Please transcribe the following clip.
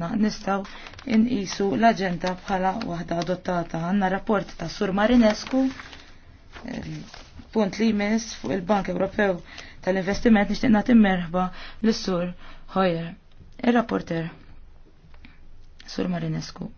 ħafna nistaw inqisu l-aġenda bħala waħda adottata. Għanna rapport ta' Sur Marinescu, punt li jmiss fuq il-Bank Ewropew tal-Investiment nixtieq nagħti merħba lis sur Hoyer, ir-rapporter Sur Marinescu.